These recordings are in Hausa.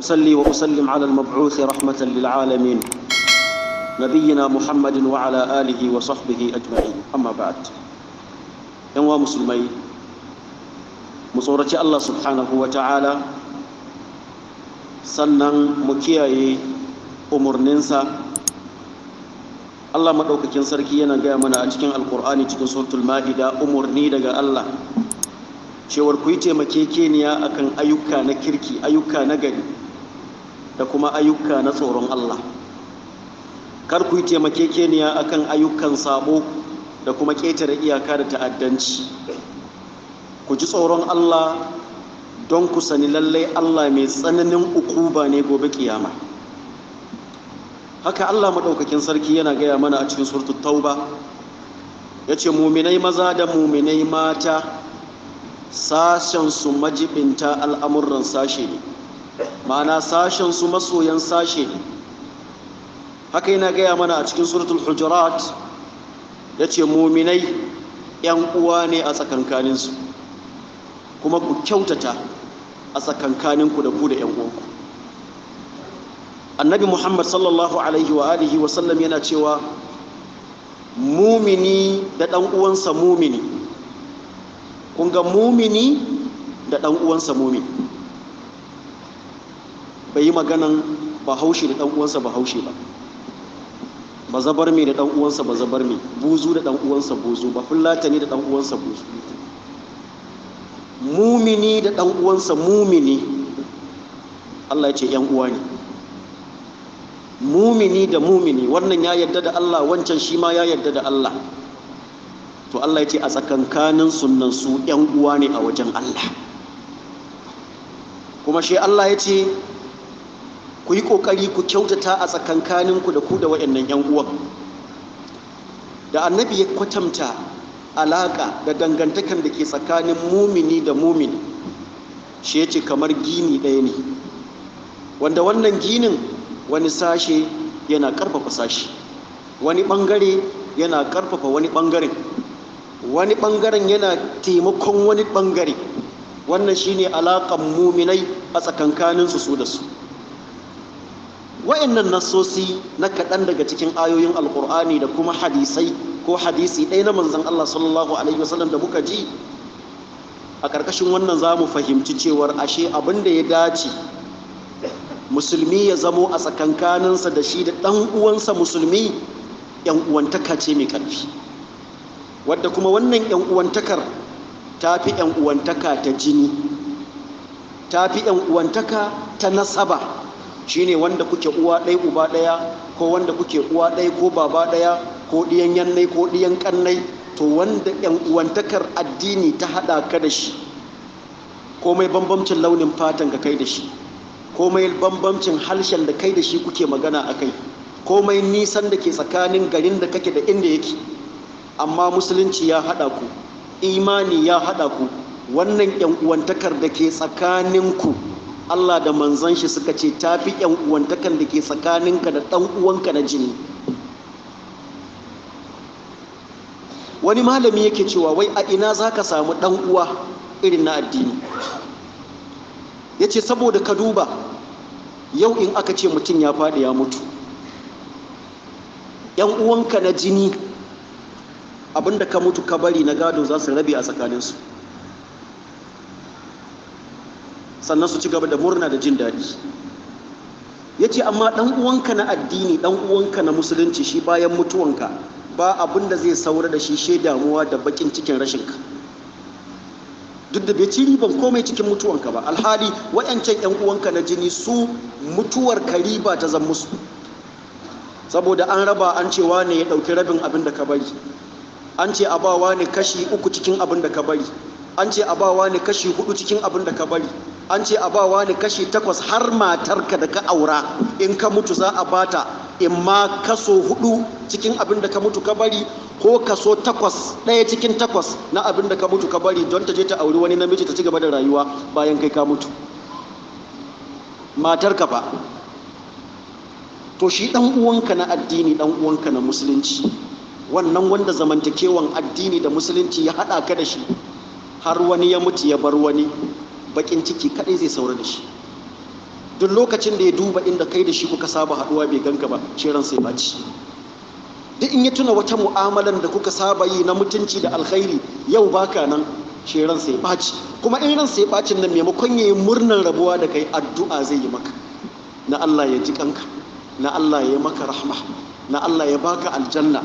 أصلي وأسلم على المبعوث رحمة للعالمين نبينا محمد وعلى آله وصحبه أجمعين أما بعد ينوى مسلمي مصورة الله سبحانه وتعالى sannan mu kiyaye umarninsa Allah maɗaukakin sarki yana gaya mana a cikin alkur'ani cikin suratul ma'ida umarni daga Allah cewar ku yi taimakekeniya akan ayyuka na kirki ayyuka na gari da kuma ayyuka na tsoron Allah kar ku yi taimakekeniya kan ayyukan sabo da kuma ƙetare iyaka da ta'addanci ku ji tsoron Allah don ku sani lallai Allah mai tsananin ukuba ne gobe ƙiyama. haka Allah maɗaukakin sarki yana gaya mana a cikin surtu tauba ya ce muminai maza da muminai mata sashensu majibinta al'amuran sashe ne ma'ana sashen su masoyan sashe ne haka yana gaya mana a cikin suratul hujurat ya ce muminai yan uwa ne a tsakankaninsu kuma ku kyautata a tsakankaninku da ku da yan uwanku annabi muhammad sallallahu alaihi wa alihi wa sallam yana cewa mumini da dan uwansa mumini kun ga mumini da dan uwansa mumini bai yi maganan bahaushe da ɗan'uwansa ba bahaushe ba ba zabar mai da ɗan'uwansa ba zabar mai buzu da ɗan'uwansa buzu ba ne da ɗan'uwansa buzu mumini da ɗan'uwansa mumini Allah ya ce 'yan'uwa uwa ne mumini da mumini wannan ya yarda da Allah wancan shi ma ya yarda da Allah to Allah ya ce a tsakankanin sunan su 'yan'uwa uwa ne a wajen Allah kuma shi Allah ya ce ku yi ƙoƙari ku kyautata a tsakankaninku da ku da waɗannan 'yan uwan da annabi ya kwatanta alaƙa da dangantakan da ke tsakanin mumini da mumini shi ya ce kamar gini ɗaya ne wanda wannan ginin wani sashe yana ƙarfafa sashe wani ɓangare yana ƙarfafa wani ɓangaren wani ɓangaren yana taimakon wani ɓangare wannan shine alaƙan muminai a tsakankaninsu su da su wa'annan nassosi na kaɗan daga cikin ayoyin alkur'ani da kuma hadisai ko hadisi ɗaya na manzan Allah sallallahu alaihi wasallam da muka ji a ƙarƙashin wannan za mu fahimci cewar ashe abin da ya dace musulmi ya zamo a tsakankaninsa da shi da ɗan uwansa musulmi yan uwantaka ce mai ƙarfi wadda kuma wannan yan uwantakar ta fi yan uwantaka ta jini ta fi yan uwantaka ta nasaba shine wanda kuke uwa ɗaya uba ɗaya ko wanda kuke uwa ɗaya ko baba ɗaya ko ɗiyan yannai ko ɗiyan ƙannai, to wanda yan uwantakar addini ta haɗa ka da shi komai bambamcin launin fatan ka kai da shi komai bambamcin harshen da kai da shi kuke magana a kai komai nisan da ke tsakanin garin da kake da inda yake amma musulunci ya haɗa ku imani ya haɗa ku wannan yan uwantakar da ke tsakanin ku Allah da manzon shi suka ce ta fi yan uwantakan da ke tsakaninka da ɗan uwanka na jini wani malami yake cewa wai a ina za ka samu ɗan uwa irin na addini ya ce saboda ka duba yau in aka ce mutum ya faɗi ya mutu yan uwanka na jini abinda ka mutu ka bari na gado za su rabe a tsakaninsu sannan su ci gaba da murna da jin daɗi ya ce amma ɗan uwanka na addini ɗan uwanka na musulunci shi bayan mutuwanka ba abin da zai saura da shi shi damuwa da bakin cikin rashinka duk da bai ci riban komai cikin mutuwanka ba alhali wayancan yan uwanka na jini su mutuwar ka ta zan musu saboda an raba an ce wane ya ɗauki rabin abin da ka bari an ce a ne kashi uku cikin abin da ka bari an ce a ne kashi hudu cikin abin da ka bari an ce a ba wani kashi takwas har matarka da ka aura in ka mutu za a bata in ma kaso hudu cikin abin da ka mutu ka bari ko kaso takwas ɗaya cikin takwas na abin da ka mutu ka bari don ta je ta auri wani namiji ta ci gaba da rayuwa bayan kai ka mutu matarka fa to shi dan uwanka na addini dan uwanka na musulunci wannan wanda zamantakewan addini da musulunci ya haɗa ka da shi har wani ya mutu ya bar wani bakin ciki kadai zai saura da shi duk lokacin da ya duba inda kai da shi kuka saba haduwa bai ganka ba ce sai baci duk in ya tuna wata mu'amalan da kuka saba yi na mutunci da alkhairi yau baka nan ce sai baci kuma in ran sai bacin nan maimakon yayi murnar rabuwa da kai addu'a zai yi maka na Allah ya ji kanka na Allah ya maka rahma na Allah ya baka aljanna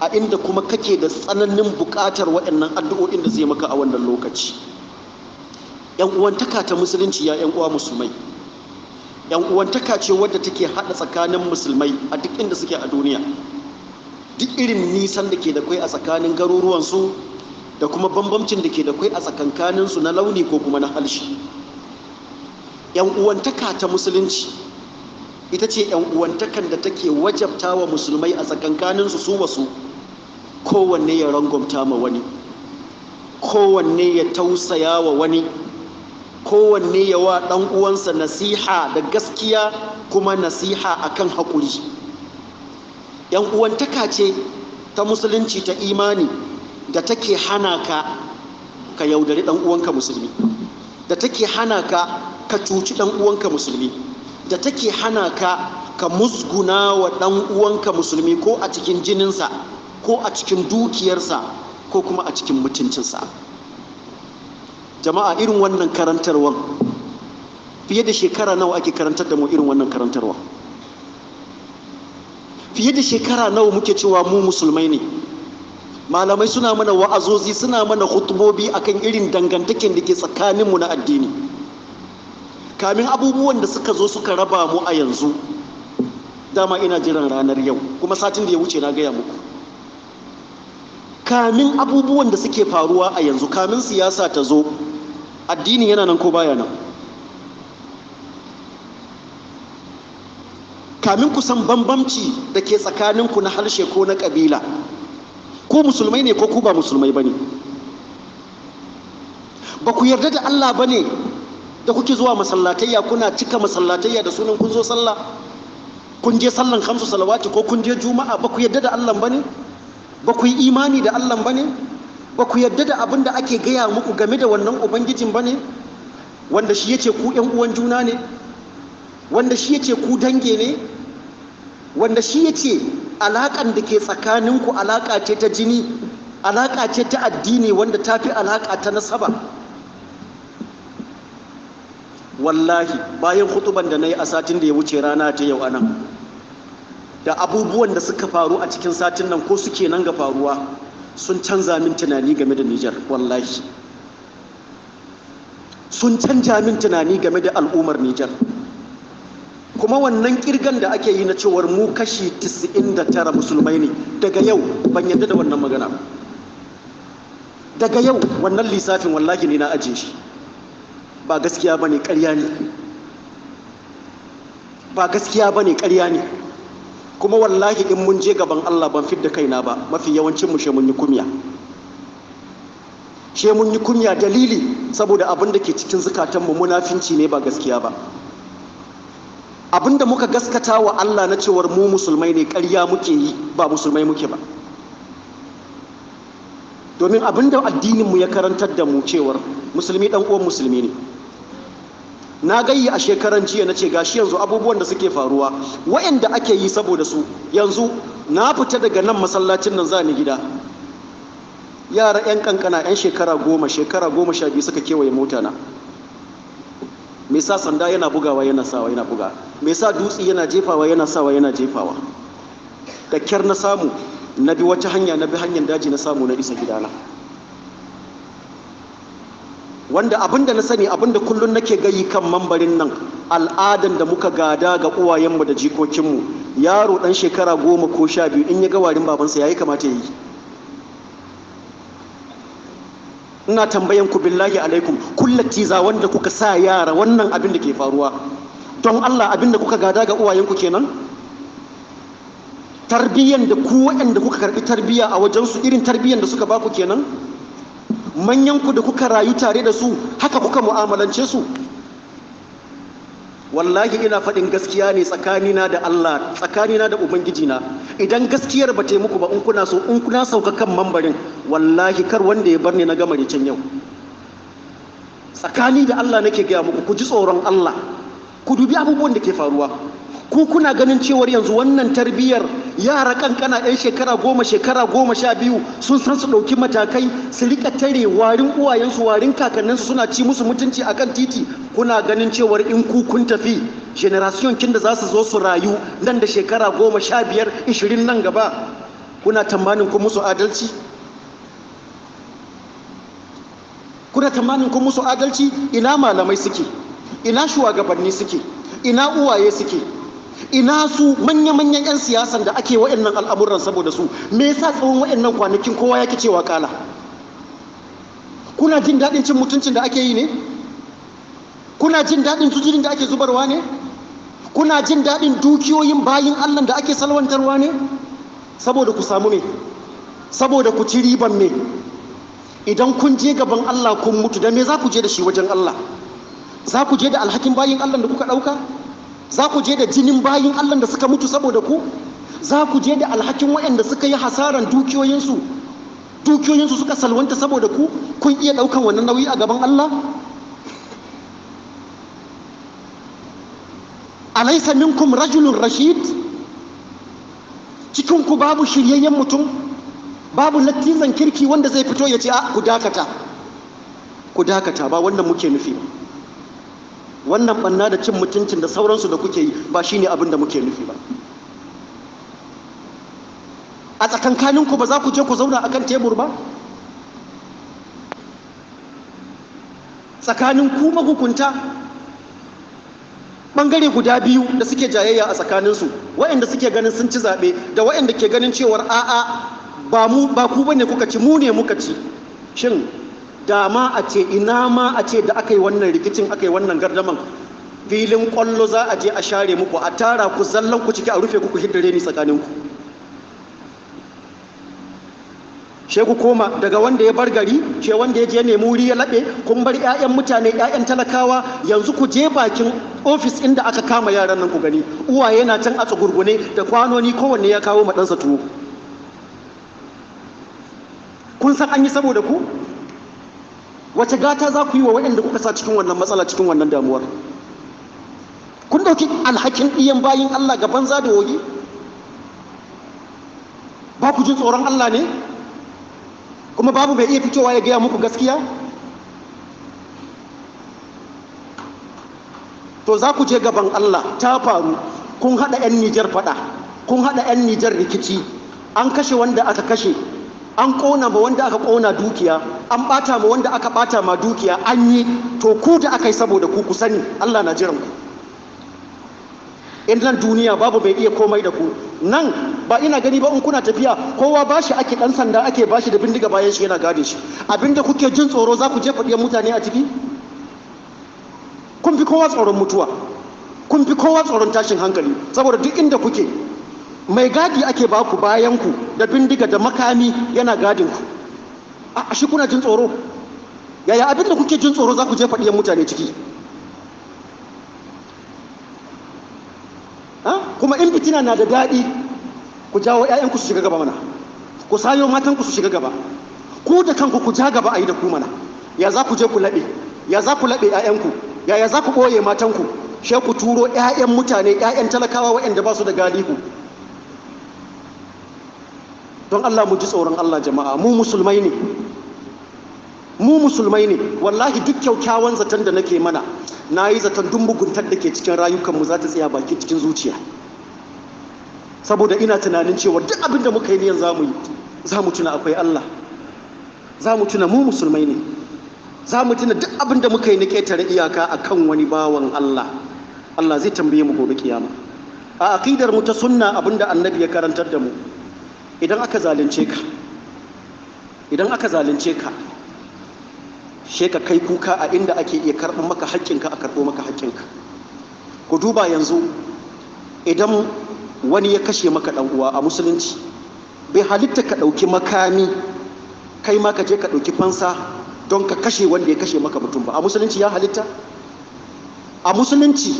a inda kuma kake da tsananin buƙatar waɗannan addu'o'in da zai maka a wannan lokaci yan uwantaka ta musulunci ya yan uwa musulmai yan uwantaka ce wadda take haɗa tsakanin musulmai a duk inda suke a duniya duk irin nisan da ke da kwai a tsakanin garuruwansu da kuma bambamcin da ke da kwai a tsakankaninsu na launi ko kuma na halshi yan uwantaka ta musulunci ita ce yan uwantakan da take wajabta wa musulmai a tsakankaninsu su wasu kowanne ya rangwamta ma wani kowanne ya tausaya wa wani kowanne yawa ɗan uwansa nasiha da gaskiya kuma nasiha akan haƙuri yan uwantaka ce ta musulunci ta imani da take hana ka ka yaudari ɗan uwanka musulmi da take hana ka ka cuci ɗan uwanka musulmi da take hana ka ka musguna wa ɗan uwanka musulmi ko a cikin jininsa ko a cikin dukiyarsa ko kuma a cikin mutuncinsa jama'a irin wannan karantarwar fiye da shekara nawa ake karantar da mu irin wannan karantarwa fiye da shekara nawa muke cewa mu musulmai ne malamai suna mana wa'azozi suna mana hutubobi akan irin dangantaken da ke tsakaninmu na addini kamin abubuwan da suka zo suka raba mu a yanzu dama ina jiran ranar yau kuma satin da ya wuce na gaya muku kamin abubuwan da suke faruwa a yanzu kamin siyasa ta zo addini yana nan ko baya nan kamin ku san bambamci da ke tsakaninku na harshe ko na ƙabila ko musulmai ne ko ku ba musulmai ba ne ba ku yarda da allah ba ne da kuke zuwa masallatayya kuna cika masallatayya da sunan kun zo sallah kun je sallan kamsu salawati ko kun je juma'a ba ku yarda da allah ba ne ba ku yi imani da Allah ba ne ba ku yarda da abin da ake gaya muku game da wannan ubangijin ba ne wanda shi yace ku ƴan uwan juna ne wanda shi yace ku dange ne wanda shi yace alaƙan da ke tsakaninku alaƙa ce ta jini alaƙa ce ta addini wanda ta fi alaƙa ta nasaba wallahi bayan hutuban da na yi a satin da ya wuce rana ta yau anan da abubuwan da suka faru a cikin satin nan ko suke nan ga faruwa sun canza min tunani game da Nijar wallahi sun canza min tunani game da al'ummar Nijar kuma wannan kirgan da ake yi na cewar mu kashi 99 musulmai ne daga yau ban yadda da wannan magana daga yau wannan lissafin wallahi ne na ajiye shi ba gaskiya bane ƙarya ne ba gaskiya bane ƙarya ne kuma wallahi in mun je gaban Allah ban fidda kaina ba mafi yawancin mu she mun yi kunya she mun yi kunya dalili saboda abin da ke cikin zukatan mu munafinci ne ba gaskiya ba abinda muka gaskata wa Allah na cewar mu musulmai ne karya muke yi ba musulmai muke ba domin abinda addinin mu ya karantar da mu cewar musulmi dan uwan musulmi ne na gayi a shekaran jiya na ce gashi yanzu abubuwan da suke faruwa waɗanda ake yi saboda su yanzu na fita daga nan masallacin nan za ni gida yara 'yan kankana 'yan shekara goma shekara goma sha biyu suka kewaye mota na me sa sanda yana bugawa yana sawa yana buga me sa dutse yana jefawa yana sawa yana jefawa da kyar na samu na bi wata hanya na bi hanyar daji na samu na isa gidana wanda abinda na sani abinda kullum nake gayi kan mambarin nan al'adan da muka gada ga uwayenmu da jikokinmu yaro dan shekara goma ko sha biyu in ya ga warin babansa yayi kamata ya yi ina tambayan ku billahi alaikum za wanda kuka sa yara wannan abin da ke faruwa don Allah abin da kuka gada ga uwayenku kenan tarbiyyan da ku waɗanda kuka karɓi tarbiyya a wajensu irin tarbiyyan da suka baku kenan manyanku da kuka rayu tare da su haka kuka mu'amalance su wallahi ina faɗin gaskiya ne tsakanina da Allah tsakanina da ubangijina idan gaskiyar ba muku ba in kuna so in kuna sauka kan mambarin wallahi kar wanda ya bar ni na gama can yau tsakani da Allah nake gaya muku ku ji tsoron Allah ku dubi abubuwan da ke faruwa ku kuna ganin cewar yanzu wannan tarbiyyar yara kankana 'yan shekara goma shekara goma sha biyu sun san su ɗauki matakai su rika tare warin uwayensu warin kakanninsu suna ci musu mutunci a kan titi kuna ganin cewar in ku kun tafi generation kin da za su zo su rayu nan da shekara goma sha biyar ishirin nan gaba kuna tamanin ku musu adalci kuna tambanin ku musu adalci ina malamai suke ina shugabanni suke ina uwaye suke ina su manya-manyan 'yan siyasan da ake wa'annan al'amuran saboda su me yasa tsawon wa'annan kwanakin kowa yake cewa kala kuna jin daɗin cin mutuncin da ake yi ne kuna jin daɗin tujirin da ake zubarwa ne kuna jin daɗin dukiyoyin bayin allah da ake salwantarwa ne saboda ku samu me saboda ku ci riban me idan kun je gaban allah kun mutu da me za ku je da shi wajen allah za ku je da alhakin bayin allah da kuka ɗauka za ku je da jinin bayin Allah da suka mutu saboda ku za ku je da alhakin waɗanda suka yi hasaran dukiyoyinsu dukiyoyinsu suka salwanta saboda ku kun iya ɗaukan wannan nauyi a gaban Allah alaisa minkum rajulun rashid cikin ku babu shiryayyen mutum babu lattizan kirki wanda zai fito ya ce a ah, ku dakata ku dakata ba wannan muke nufi ba wannan banna da cin mutuncin da sauransu da kuke yi ba shine abin da muke nufi ba a tsakankaninku ba za ku je ku zauna a kan tebur ba tsakanin ku mahukunta bangare guda biyu da suke jayayya a tsakaninsu wa'inda suke ganin sun ci zaɓe da wa'inda ke ganin cewar a'a ba mu ba ku bane kuka ci mu ne muka ci shin Dama a ce ina ma a ce da aka yi wannan rikicin aka yi wannan gardaman filin kwallo za a je a share muku a tara ku zallan ku ciki a rufe ku ku hiddare ni tsakaninku she ku koma daga wanda ya bar gari she wanda ya je nemi wuri ya laɓe kun bar 'ya'yan mutane 'ya'yan talakawa yanzu ku je bakin ofis inda aka kama yaran nan ku gani uwaye na can a tsugurgune da kwanoni kowanne ya kawo ma ɗansa tuwo kun san an yi saboda ku wace gata za ku yi wa waɗanda kuka sa cikin wannan matsala cikin wannan damuwar kun ɗauki alhakin ɗiyan bayin Allah ga banza da wogi ba ku jin tsoron Allah ne kuma babu bai iya fitowa ya gaya muku gaskiya to za ku je gaban Allah ta faru kun haɗa 'yan Nijar faɗa kun haɗa 'yan Nijar rikici an kashe wanda aka kashe an ƙona ba wanda aka ƙona dukiya an bata ma wanda aka bata ma dukiya an yi to ku da aka yi saboda ku ku sani Allah na jiran ku in nan duniya babu bai iya komai da ku nan ba ina gani ba in kuna tafiya kowa bashi ake dan sanda ake bashi da bindiga bayan shi yana gane shi abinda kuke jin tsoro za ku je faɗiyar mutane a ciki kun fi kowa tsoron mutuwa kun fi kowa tsoron tashin hankali saboda duk inda kuke mai gadi ake baku bayan ku da bindiga da makami yana gadin ku a shi kuna jin tsoro yaya abin kuke jin tsoro za ku je faɗi yan mutane ciki kuma in fitina na da daɗi ku jawo 'ya'yanku su shiga gaba mana ku sayo matanku su shiga gaba ku da kanku ku ja gaba a yi da ku mana ya za ku je ku laɓe ya za ku laɓe 'ya'yanku ya ya za ku ɓoye matanku she ku turo 'ya'yan mutane 'ya'yan talakawa waɗanda ba su da galihu don Allah mu ji tsoron Allah jama'a mu musulmai ne mu musulmai ne wallahi duk kyaukyawan zaton da nake mana na yi zaton duk muguntar da ke cikin rayukanmu za ta tsaya baki cikin zuciya saboda ina tunanin cewa duk abin da muka yi niyan za mu yi za mu tuna akwai Allah za mu tuna mu musulmai ne za mu tuna duk abin da muka yi na ƙetare iyaka a kan wani bawan Allah Allah zai tambaye mu gobe kiyama a aƙidar mu ta sunna abin da annabi ya karantar da mu idan aka zalunce ka idan aka zalunce ka she ka kai kuka a inda ake iya karɓar maka haƙƙinka a karɓo maka haƙƙinka ku duba yanzu idan wani ya kashe maka ɗan uwa a musulunci bai halitta ka ɗauki makami kai ma ka je ka ɗauki fansa don ka kashe wanda ya kashe maka mutum ba a musulunci ya halitta a musulunci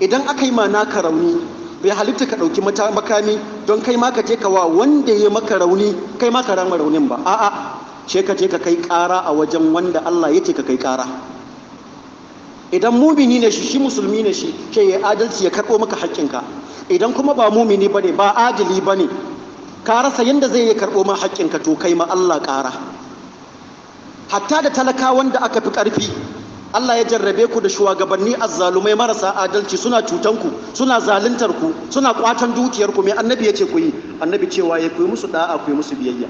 idan aka yi ma naka rauni bai halitta ka ɗauki makami don kai ma ka je ka wa wanda ya maka rauni kai ma ka rama raunin ba a'a sai ka je ka kai ƙara a wajen wanda Allah ya ce ka kai ƙara idan mumini ne shi shi musulmi ne shi ke ya adalci ya karɓo maka haƙƙinka idan kuma ba mumini ba ne ba adali ba ne ka rasa yadda zai yi karɓo ma haƙƙinka to kai ma Allah ƙara hatta da talaka wanda aka fi ƙarfi Allah ya jarrabe ku da shugabanni azzalumai marasa adalci suna cutanku suna zaluntar ku suna kwatan dukiyarku. ku me annabi ya ce ku yi annabi cewa ya ku yi musu da'a ku musu biyayya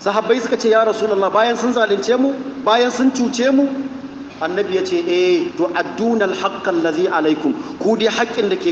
sahabbai suka ce ya rasulullah bayan sun zalunce mu bayan sun cuce mu annabi ya ce eh to adduna alhaqqal ladhi alaikum ku dai haƙƙin da ke